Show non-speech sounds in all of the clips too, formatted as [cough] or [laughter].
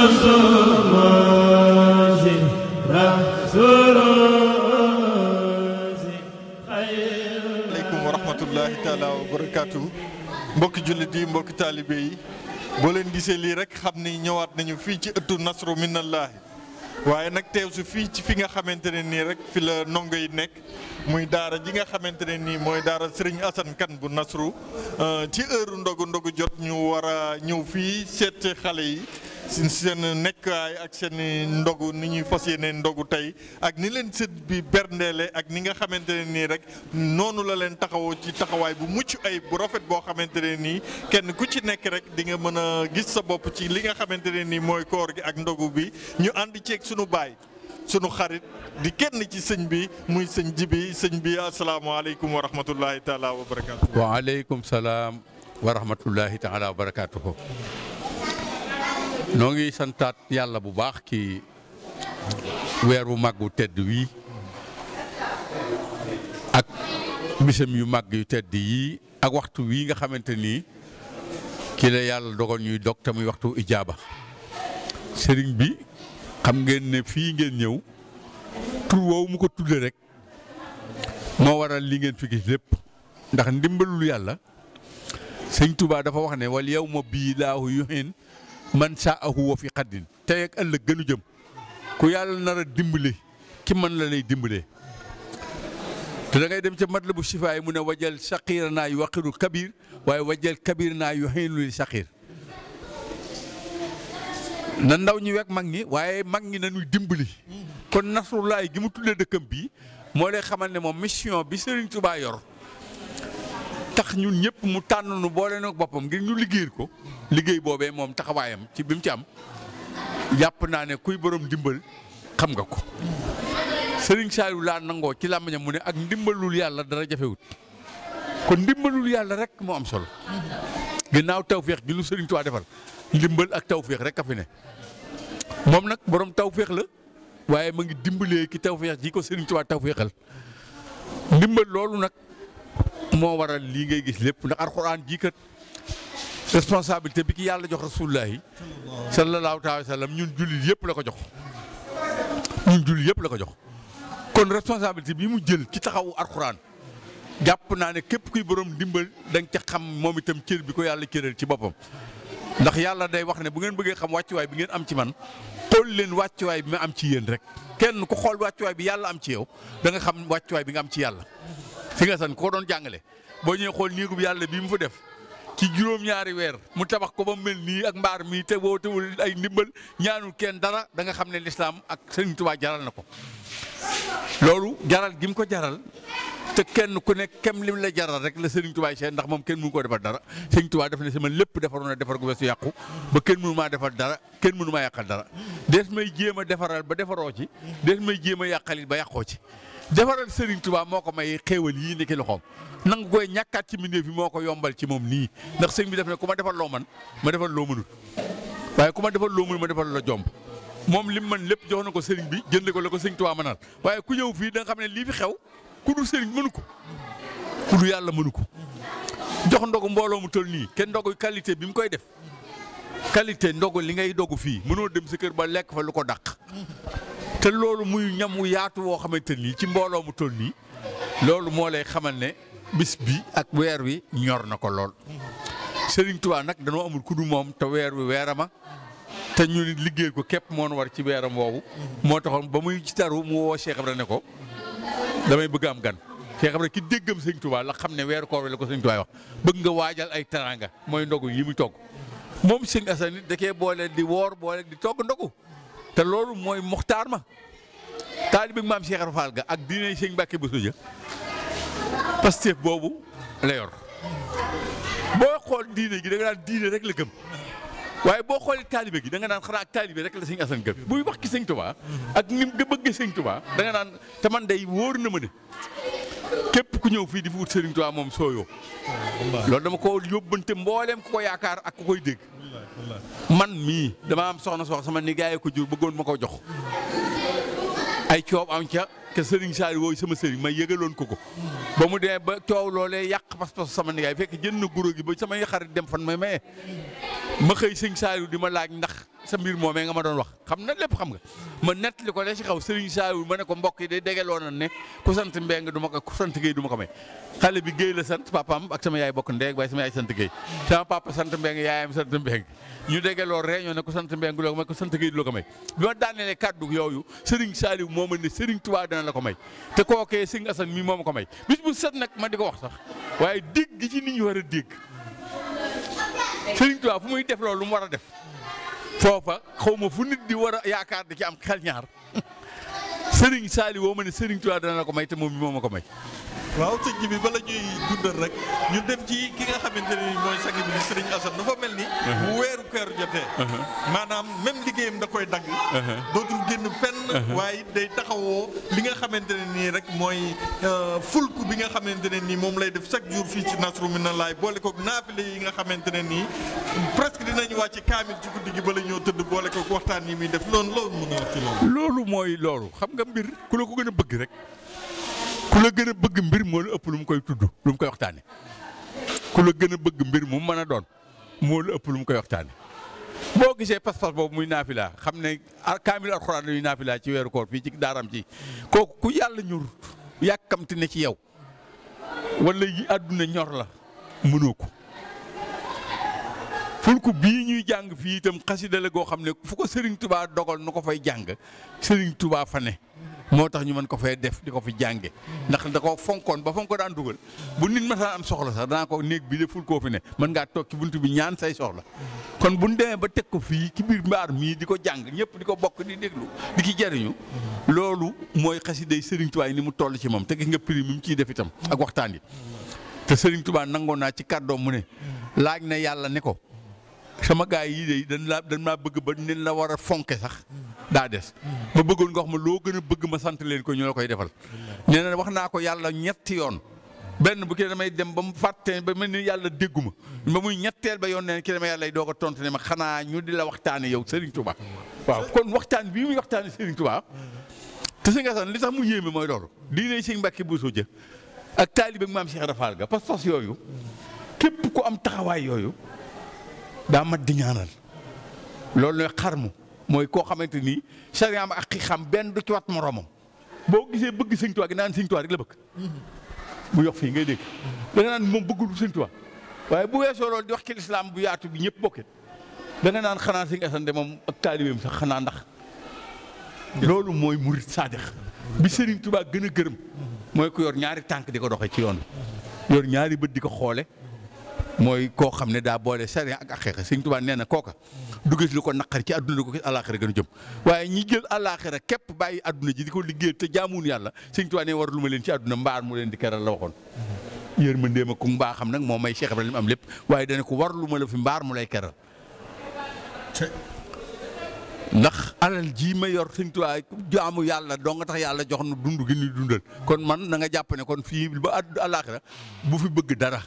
aleykum wa rahmatullahi taala wa yi mbokki taalibe yi boo leen gisee lii rek xam ni ñëwaat nañu fii ci ëttu nasru minallahi waaye nag teew si fii ci fi nga xamante ne nii rek fi la ndongo yi nekk muy daara ji nga xamante ne nii mooy daara sëriñ Assane Kane bu Nasru euh, ci heure ndogu ndogu jot ñu war a ñëw fii seete xale yi si seen nekkaay ak seen ndogu ni ñuy fas yéene ndogu tey ak ni leen sët bi berndeele ak ni nga xamante ne nii rek noonu la leen taxawoo ci taxawaay bu mucc ay bu rafet boo xamante ne nii kenn ku ci nekk rek di nga mën a gis sa bopp ci li nga xamante ne nii mooy koor gi ak ndogu bi ñu ànd ceeg sunu baay sunu xarit di kenn ci sëñ bi muy sëñ jibi sëñ bi asalaamaaleykum wa rahmatullahi taala wa barakaatu. waaleykum salaam wa rahmatullahi taala wa barakaatu. noo ngi santaat yàlla bu baax ci weer wu màgg wu tedd wii ak bisam yu màgg yu tedd yii ak waxtu wii nga xamante nii kii la yàlla dogal ñuy dog tamuy waxtu ijaaba sëriñ bi xam ngeen ne fii ngeen ñëw tur woowu mu ko tudde rek moo waral li ngeen fi gis lépp ndax ndimbalul yàlla sëñ Touba dafa wax ne wal yow ma bii laahu yuhin man saa ahu wa fi xaddin tey ak ëllëg gënu jëm ku yàlla nar dimbali ki man la lay dimbalee te da ngay dem ca matlabu sifaay mu ne wajal saqiir naa yu waqiru kabir waaye wajal kabir naa yu xiinu li saqiir na ndaw ñi wek mag ñi waaye mag ñi nañuy dimbali kon nasrullaay gi mu tuddee dëkkam bii moo lay xamal ne moom mission bi Serigne Touba tax ñun ñëpp mu tànn nu boole nag boppam ngir ñu liggéeyal ko liggéey boobee moom taxawaayam ci bi mu ci am jàpp naa ne kuy borom dimbal xam nga ko sëriñ Saliou laa nangoo ci làmmiñam mu ne ak ndimbalul yàlla dara jafewut kon ndimbalul yàlla rek moo am solo ginnaaw tawféex gi lu Serigne Touba defal ndimbal ak tawféex rek a fi ne moom nag borom tawféex la waaye mu ngi dimbalee ki tawféex ji ko Serigne Touba tawféexal ndimbal loolu nag. moo waral lii ngay gis lépp ndax alxuraan jii kat responsabilité bi ki yàlla jox rasulullahi sallallahu taala sallam ñun jullit yëpp la ko jox ñun jullit yëpp la ko jox kon responsabilité bi mu jël ci taxawu alxuraan jàpp naa ne képp kuy borom dimbal da ca xam moom itam cër bi ko yàlla cëral ci boppam ndax yàlla day wax ne bu ngeen bëggee xam wàccuwaay bi ngeen am ci man xool leen wàccuwaay bi ma am ci yéen rek kenn ku xool wàccuwaay bi yàlla am ci yow da nga xam wàccuwaay bi nga am ci yàlla si nga san koo doon jàngale boo ñëwee xool néegub yàlla bii mu fa def ci juróom-ñaari weer mu tabax ko ba mel nii ak mbaar mii te wootewul ay ndimbal ñaanu kenn dara danga xam ne lislaam ak Sëriñ Tuubaa jaral na ko loolu jaral gi mu ko jaral te kenn ku ne kem lim la jaral rek la Sëriñ Tuubaa seen ndax moom kenn mënu koo defar dara Sëriñ Tuubaa def ne sama lépp defaroon na defar gu weesu yàqu ba kenn mënu maa defar dara kenn mënu maa yàqal dara des may jéem a defaral ba defaroo ci des may jéem a yàqalit ba yàqoo ci defaral Serigne Touba moo ko may xéewal yii ni ki loxoom nangu koy ñàkkaat ci mbindéef bi moo ko yombal ci moom nii ndax sëñ bi def ne ku ma defal loo man ma defal loo mënut waaye ku ma defal loo mënut ma defal la jomb moom li mu man lépp jox na ko Serigne bi jënd ko la ko sëñ Touba mënal waaye ku ñëw fii da xam ne lii fi xew ku du Serigne mënu ko ku du yàlla mënu ko jox ndogu mbooloo mu toll nii kenn ndogu qualité bi mu koy def qualité ndogu li ngay dogu fii mënoo dem sa kër ba lekk fa ko dàq te loolu muy ñam wu yaatu woo xamante nii ci mbooloo mu tol nii loolu moo lay xamal ne bis bi ak weer wi ñor na ko lool Sëriñ Tuubaa nag danoo amul ku moom te weer wi weerama te ñu liggéey ko képp moon war ci weeram woowu moo taxoon ba muy ci taru mu woo Cheikh Ibrahima ne ko damay bëgg am gan Cheikh Ibrahima ki déggam Sëriñ Tuubaa la xam ne weeru koor wi la ko Sëriñ Tuubaa wax bëgg nga waajal ay teraanga mooy ndogu yi muy togg moom Sëriñ Asan da cee boole di di togg ndogu te loolu mooy muxtaar ma taalibe maam Cheikh Ibra ga ak diine sëñ Mbàkke Bousso ja Pastef boobu la yor boo xool diine gi danga nga naan diine rek la gëm waaye boo xoolee taalibe gi da nga naan xanaa ak taalibe rek la sëñ Asan gëm buy wax ki sëñ Tuubaa ak ni nga bëggee sëñ Tuubaa da nga naan te man day wóor na ma ne képp ku ñëw fii di fi wut sëriñ Tuubaa moom sooyoo loolu dama ko yóbbante mbooleem ku ko yaakaar ak ku koy dégg man mii dama am soxna sox sama nijaay ko jur bëggoon ma ko jox ay coob am ca te sëriñ Saali wooyu sama sëriñ may yëgaloon ko ko ba mu demee ba coow loolee yàq pas-pas sama nijaay fekk jën na guro gi ba samay xarit dem fan may maye ma xëy sëñ Saali di ma laaj ndax sa mbir moomee nga ma doon wax xam na lépp xam ga ma nettali ko la ci xaw Serigne Saliou ma ne ko mbokk yi day degeloo na ne ku sant Mbeng du ma ko ku sant Guèye du ko may xale bi Guèye la sant papaam ak sama yaay bokk ndeeg waaye sama yaay sant Guèye sama papa sant Mbeng yaayam sant Mbeng ñu degeloo réunion ne ku sant Mbeng du la ko may sant Guèye ko may bi ma daanelee yooyu Serigne Saliou moo ma ne Serigne Touba dana la ko may te kookee Serigne Assane mi moo ma ko may bis bu set nag ma di ko wax sax waaye dégg gi ci nit ñi war a dégg Serigne Touba muy def lu mu war a def foofa xaw ma fu nit di war a yaakaar da ci am xel ñaar Serigne [laughs] Saliou woo ma ne Serigne Touba dana la ko may te moom mi moo ma ko may. waaw sëñ bi bala ñuy guddal rek ñu dem ci ki nga xamante ni mooy sang bi di Serigne Assane dafa mel ni. Uh-huh. bu weeru keeru jotee. Uh-huh. maanaam même liggéeyam da koy dagg. Uh-huh. dootul génn fenn. waaye day taxawoo li nga xamante ne nii rek mooy euh, fulku bi nga xamante ne nii moom lay def chaque jour fii ci Nasru na laay boole koog naafile yi nga xamante ne nii presque dinañ wàcc kaamil ci guddi gi bala ñoo tëdd boole koog waxtaan yi muy def loolu loolu mën loolu. mooy loolu xam nga mbir ku la ko gën a bëgg rek. ku la gën a bëgg mbir moo la ëpp lu mu koy tudd lu mu koy waxtaane ku la gën a bëgg mbir mu mën a doon moo la ëpp lu mu koy waxtaane boo gisee pas-pas boobu muy naafila xam ne kaamil alxuraan yuy naafila ci weeru koor fii ci daaram ci kooku ku yàlla ñur yàkkamti ne ci yow wala yi àdduna ñor la mënoo ko fulku bii ñuy jàng fii itam xasida goo xam ne fu ko Serigne Touba dogal nu ko fay jàng sëriñ tubaa fa ne moo tax ñu mën ko fee def di ko fi jànge ndax da ko fonkoon ba fonko daan dugal bu nit ma saa am soxla sax danaa ko néeg bi de ful koo fi ne mën ngaa toog ci buntu bi ñaan say soxla kon bu ñu demee ba teg ko fii ci biir mbaar mii di ko jàng ñëpp di ko bokk di déglu di ci jariñu loolu mooy xasiday Serigne Touba ni mu toll ci moom te gis nga prix mi mu ciy def itam ak waxtaan yi te Serigne Touba nangoon naa ci kàddoom mu ne laaj na yàlla ne ko sama gaa yii de dañ laa dañ maa bëgg ba nen la war a fonke sax daa des ma bëggoon nga wax ma loo gën a bëgg ma sant leen ko ñu la koy defal nee na wax naa ko yàlla ñetti yoon benn bu ki damay dem ba mu fàttee ba mel ni yàlla déggu ma ba muy ñetteel ba yoon neen ki dama yàlla doog a tontu ne ma xanaa ñu di la waxtaane yow Serigne Touba waaw kon waxtaan bii muy waxtaane Serigne Touba te si nga san li tax mu yéeme mooy loolu lii Serigne Mbacké Bousso Dia ak taalibe maam Cheikh Rafal ga parce que yooyu képp ku am taxawaay yooyu daa mat di ñaanal loolu nag xarmu mooy koo xamante ni sariyaam ak xixam benn du ci wat moroomam boo gisee bëgg Sëñ Tuubaa gi naan Sëñ Tuubaa rek la bëgg. bu yox fii ngay dégg. da nga naan moom bëggul Sëñ Tuubaa waaye bu weesoo loolu di wax ci lislaam bu yaatu bi ñëpp bokkit da nga naan xanaa Sëñ Asan de moom ak taalibeem sax xanaa ndax. loolu mooy murit saadix bi Sëriñ Tuubaa gën a gërëm. mooy ku yor ñaari tànk di ko doxee ci yoon yor ñaari bët di ko xoole mooy koo xam ne daa boole sariya ak àqeeqa Sëñ Tuubaa nee na kooka du gis lu ko naqari ci àdduna lu ko gis àllaaxira gën a waaye ñi jël àllaaxira képp bàyyi àdduna ji di ko liggéey te jaamuwuñu yàlla Sëñ Tuubaa nee war lu ma leen ci àdduna mbaar mu leen di keral la waxoon yërmandeem ak ku mbaa xam nag moo may Cheikh Ibrahima am lépp waaye dana ko war lu ma la mu lay keral ndax alal ma yor Sëñ Tuubaa jaamu yàlla doo nga tax yàlla jox nu dund gi ñuy dundal kon man na nga jàpp ne kon fii ba àllaaxira bu fi bëgg dara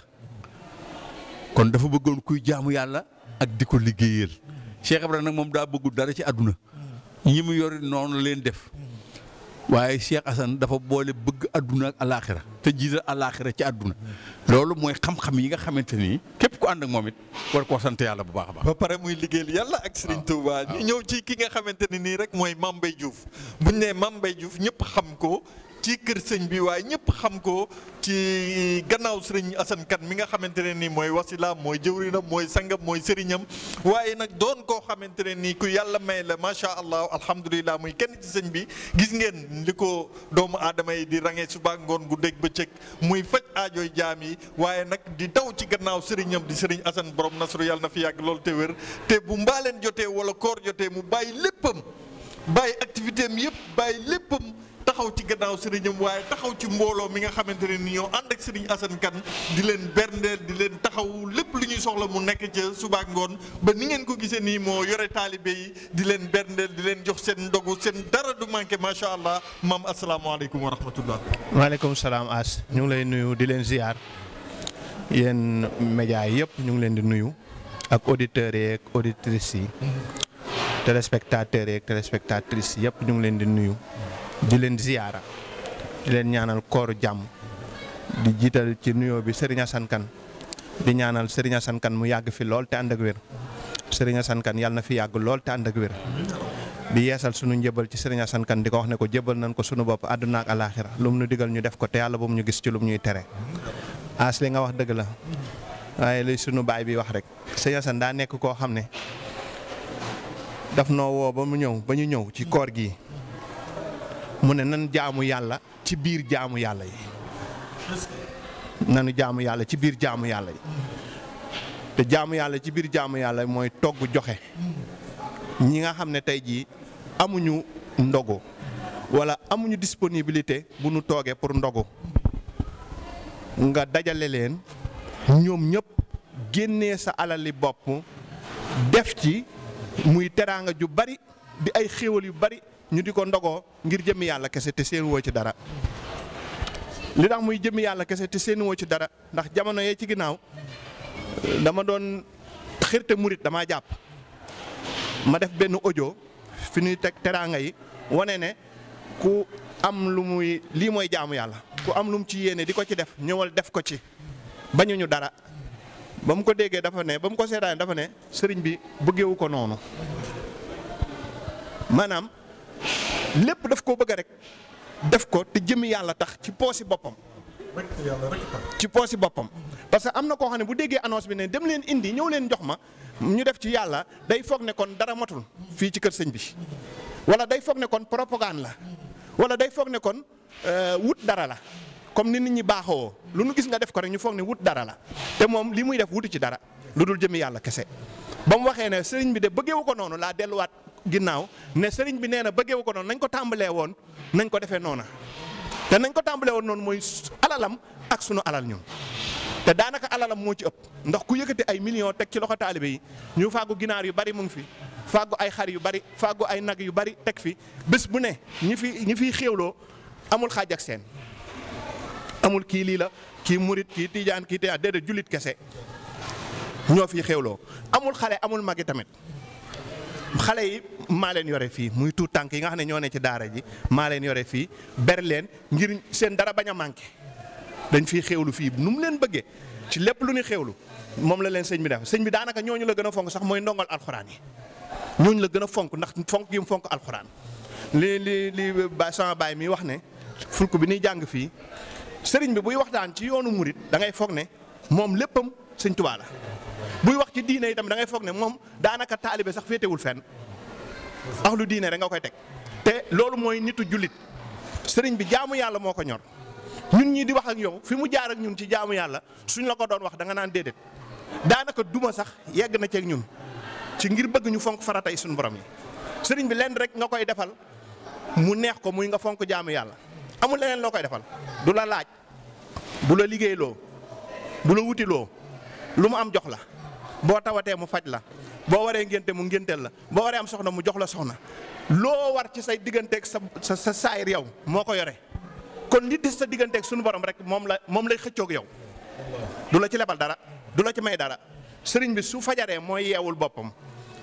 kon dafa bëggoon kuy jaamu yàlla ak di ko liggéeyal Cheikh nag moom daa bëggul dara ci àdduna ñi mu yor noonu leen def waaye Cheikh Assane dafa boole bëgg àdduna ak alaaxira te jiital alaaxira ci àdduna loolu mooy xam-xam yi nga xamante ni képp ku ànd ak moom it war koo sant yàlla bu baax baax. ba pare muy liggéeyal yàlla ak Serigne Touba ñëw ci ki nga xamante ne nii rek mooy Mame Mbaye Diouf buñ nee Mame Mbaye ñëpp xam ko ci kër sëñ bi waaye ñëpp xam ko ci gannaaw sëriñ Assane Kane mi nga xamante ne nii mooy wasila mooy jëwrinam mooy sangam mooy sëriñam waaye nag doon koo xamante ne nii ku yàlla may la macha allah alhamdulilah muy kenn ci sëñ bi gis ngeen li ko doomu aadama yi di rangee suba ngoon gu dégg bëccëg muy faj aajooy jaam yi waaye nag di daw ci gannaaw sëriñam di sëriñ Assane borom nasru yàlla na fi yàgg loolu te wér te bu mbaaleen jotee wala koor jotee mu bàyyi léppam bàyyi taxaw ci gannaaw sëriñam waaye taxaw ci mbooloo mi nga xamante ne ni ñoo ànd ak sëriñ Assane Kane di leen berndeel di leen taxaw lépp lu ñuy soxla mu nekk ca subaak ni ngeen ko gisee nii moo yore taalibe yi di berndeel di leen jox seen ndogu seen dara du manqué macha allah maam asalaamaaleykum wa rahmatullah. maaleykum salaam As ñu ngi lay nuyu di leen ziar yéen média yëpp ñu ngi leen di nuyu ak auditeurs yi ak auditrices yi téléspectateurs yi ak téléspectatrices yëpp ñu ngi leen di nuyu. di ziarah, ziyara di len ñaanal koor jam di jital ci nuyo bi Serigne Assane di ñaanal Serigne Assane mu yag fi lol te ànd ak wér Serigne Assane Kane fi yag lol te ak di yeesal sunu njebal ci Serigne Assane Kane wax ne ko jebal nan ko sunu bop aduna ak alaaxira lu digal ñu def ko te yalla bu mu ñu gis ci lu mu ñuy téré as li nga wax deug la waye li sunu bay bi wax rek Serigne Assane da nek ko xamne daf no wo ba mu ñew ba ñu ñew ci koor gi mu ne nan jaamu yàlla ci biir jaamu yàlla yi nanu jaamu yàlla ci biir jaamu yàlla te jaamu yàlla ci biir jaamu yàlla mooy togg joxe ñi nga xam ne tey jii amuñu ndogu wala amuñu disponibilité bu nu toogee pour ndogu nga dajale leen ñoom ñëpp génnee sa alali bopp def ci muy teraanga ju bari di ay xéewal yu bari ñu di ko ndogoo ngir jëmmi yàlla kese te seen woo ci dara. li tax muy jëmmi yàlla kese te seen woo ci dara ndax jamono yee ci ginnaaw dama doon xirte murit dama jàpp ma def benn ojo fi ñuy teg teraanga yi wane ne ku am lu muy lii mooy jaamu yàlla ku am lu mu ci yéene di ko ci def ñëwal def ko ci bañuñu dara. ba mu ko déggee dafa ne ba mu ko seetaan dafa ne sëriñ bi bëggewu ko noonu maanaam lépp daf koo bëgg rek def ko te jëmi yàlla tax ci poosi boppam. ci poosi boppam. parce que am na koo xam ne bu déggee annonce bi ne dem leen indi ñëw leen jox ma ñu def ci yàlla day foog ne kon dara matul fii ci kër sëñ bi wala day foog ne kon propagande la wala day foog ne kon euh, wut dara la comme ni nit ñi baaxoo lu nu gis nga def ko rek ñu foog ne wut dara la te moom li muy def wutu ci dara lu dul jëmi yàlla kese ba mu waxee ne sëriñ bi de bëggeewu ko noonu laa delluwaat. ginnaaw ne sëriñ bi nee na bëggeewu ko noonu nañ ko tàmbalee woon nañ ko defee noona te nañ ko tàmbalee woon noonu mooy alalam ak sunu alal ñun. te daanaka alalam moo ci ëpp ndax ku yëkkati ay millions teg ci loxo taalibe yi ñu fàggu ginaar yu bari mu ngi fi fàggu ay xar yu bari fàggu ay nag yu bari teg fi bés bu ne ñi fi ñi fiy xéewloo amul xaaj ak seen amul kii lii la kii murit kii tiijaan kii tijaan déedéet jullit kese ñoo fiy xéewloo amul xale amul magi tamit. xale yi maa leen yore fii muy tuut tànk yi nga xam ne ñoo ne ci daara ji maa leen yore fii ber leen ngir seen dara bañ a manqué dañ fiy xéwlu fii nu mu leen bëggee ci lépp lu ñu xewlu moom la leen sëñ bi def sëñ bi daanaka ñooñu la gën a fonk sax mooy ndongal alxuraan yi ñooñu la gën a fonk ndax fonk gi mu fonk alxuraan li li li sama baay mi wax ne fulku bi ñuy jàng fii sëriñ bi buy waxtaan ci yoonu murit da ngay foog ne moom léppam seigne touba la buy wax ci diine itam da ngay fogné mom moom daanaka taalibe sax wul fenn ahlu diine rek nga koy tek te lolu moy nitu julit sëriñ bi jaamu yalla moko ñor ñun ñi di wax ak yow fi mu jaar ak ñun ci jaamu yalla suñ la ko doon wax da nga naan déedéet daanaka duma sax yegg na ak ñun ci ngir bëgg ñu fonk suñ borom yi bi lén rek nga koy défal mu neex ko muy nga fonk jaamu yalla amul leneen lokoy koy defal du laaj bula ligéy lo bula wuti lo lu mu am jox la boo tawatee mu faj la boo waree ngénte mu ngénteel la boo waree am soxna mu jox la soxna loo war ci say digganteek sa sa sa saayir yow moo ko yore kon li sa digganteeg suñu borom rek moom la moom lay xëccoog yow du la ci lebal dara du la ci may dara sëriñ bi su fajaree mooy yeewul boppam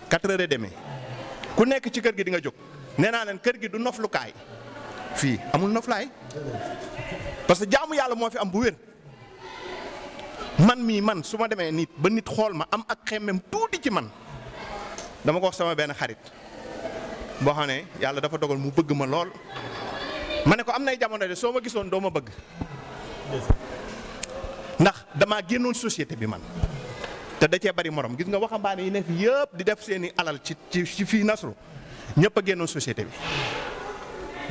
quatre heures et ku nekk ci kër gi di nga jóg nee naa leen kër gi du noflukaay fii amul noflaay parce que jaamu yàlla moo fi am bu wér. man mii man su ma demee nit ba nit xool ma am ak xemmem tuuti ci man dama ko sama benn xarit boo xam ne yàlla dafa dogal mu bëgg ma lool ma ne ko am nay jamono de soo ma gisoon doo ma bëgg ndax damaa génnoon société bi man te da cee bari moroom gis nga waxambaane yi ne fi yëpp di def seeni alal ci ci fii Nasru ñëpp a génnoon société bi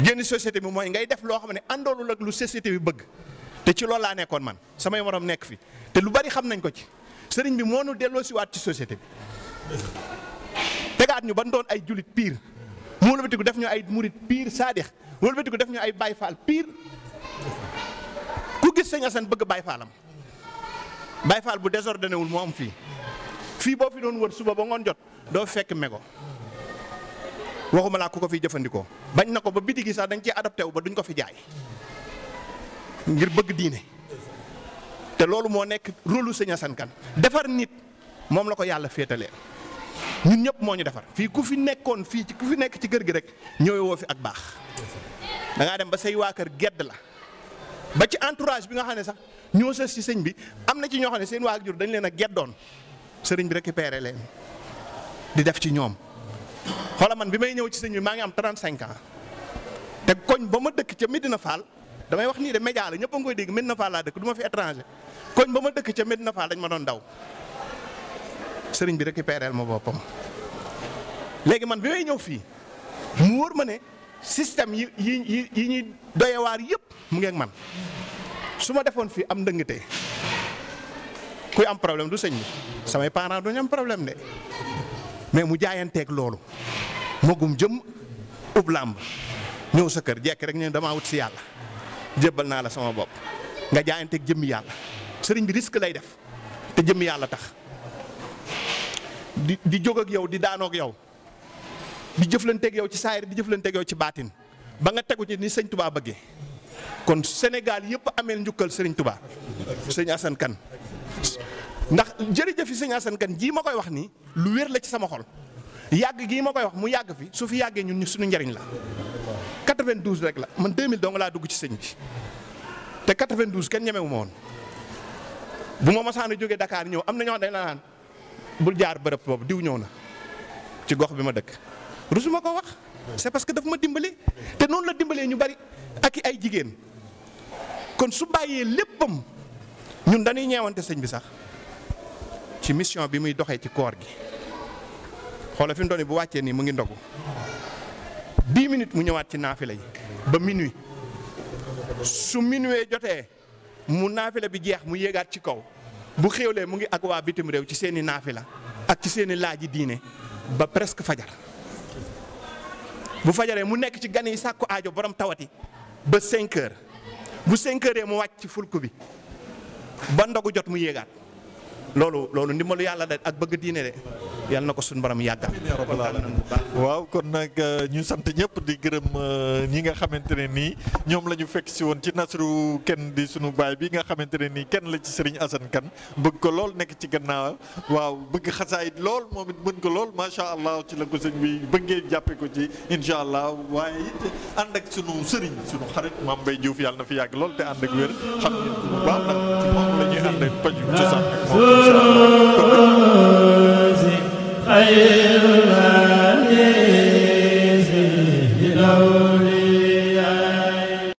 génn société bi mooy ngay def loo xam ne àndoolul ak lu société bi bëgg te ci loolu laa nekkoon man samay morom nekk fi te lu bari xam nañ ko ci sëriñ bi moo nu delloo si waat ci société bi tegaat ñu ban doon ay julit piir mu wëlbatiku def ñu ay murit piir saadix wëlbatiku def ñu ay bay faal piir ku gis sëñ Assane bëgg baay faalam baay faal bu désordonné wul moo am fii fii boo fi doon wër suba ba ngoon jot doo fekk mego waxuma laa ku ko fiy jëfandikoo bañ na ko ba biti gi sax dañ ciy adapté wu ba duñ ko fi jaay ngir bëgg diine te loolu moo nekk rôlu sëñ Assane Kane defar nit moom la ko yàlla féetalee ñun ñëpp moo ñu defar fii ku fi nekkoon fii ku fi nekk ci kër gi rek ñëwee woo fi ak baax dangaa dem ba say waa kër gedd la ba ci entourage bi nga xam ne sax ñoo sës ci sëñ bi am na ci ñoo xam ne seen waa jur dañ leen a geddoon sëriñ bi récupéré leen di def ci ñoom xoola man bi may ñëw ci sëñ bi maa ngi am 35 ans te koñ ba ma dëkk ca Medina Fall damay wax nii de média la ñëpp a ngi koy dégg Medina Fall laa dëkk du ma fi étranger koñ ba ma dëkk ca Medina Fall dañ ma doon daw sëriñ bi récupéreel ma boppam. léegi man bi may ñëw fii mu wër ma ne système yi yi yi ñuy doyewaar yëpp mu ngeen man su ma defoon fii am ndëngte kuy am problème du sëñ bi samay parent duñ am problème de mais mu jaayanteeg loolu magum jëm ub làmb ñëw sa kër jekki rek ñu damaa wut si yàlla. Jebel Nala la sama bop nga ak jëm yalla serigne bi risque lay def te jëm yalla tax di di jog ak yow di ak yow di ak yow ci saayir di ak yow ci batine ba nga teggu ci ni serigne Touba bëgge kon Senegal, yëpp amel ñukkal serigne Touba serigne Assane kan ndax jërëjëf yi serigne Assane kan ji makoy wax ni lu wër la ci sama xol yag gi wah, wax mu yag fi su fi yagge ñun suñu njariñ la. 92 rek la man 2000 dong laa dugg ci sëñ bi te 92 kenn ñemewu ma woon bu ma masaan a dakaar Dakar ñëw am na ñoo dañ la naan bul jaar bërëb boobu diw ñëw na ci gox bi ma dëkk rusuma ko wax c'est parce que daf ma dimbali te noonu la dimbalee ñu bari ak i ay jigéen kon su bàyyee léppam ñun dañuy ñeewante sëñ bi sax ci mission bi muy doxee ci koor gi xoola fi mu bu wàccee nii mu ngi ndogu dix minutes mu ñëwaat ci naafila yi ba minuit su minuit jotee mu naafila bi jeex mu yéegaat ci kaw bu xéwlee mu ngi ak waa bitim réew ci seeni naafila ak ci seeni laaji diine ba presque fajar bu fajaree mu nekk ci gan yi sàkku aajo borom tawati ba cinq bu cinq heures mu wàcc ci fulk bi ba ndogu jot mu yéegaat loolu loolu ndimbalu yàlla de ak bëgg diine de yalla nako sun borom yàggal waaw kon nak euh, ñu sant ñëpp di gërëm euh, ñi nga xamantene ni ñom lañu fekk ci won ci nasru ken di sunu bay bi nga xamantene ni ken la ci serigne Assane kan bëgg ko lool nek ci gannaaw waaw bëgg xasaayit lool momit mën ko lool sha allah ci la ko serigne bi bëgge jappé ko ci insha allah waye it and ak sunu serigne sunu xarit mam bay Diouf yalla na fi yàgg lool te and ak wër xam ñu bu baax nak ci mom lañuy and ak paju cosaan ak Allah.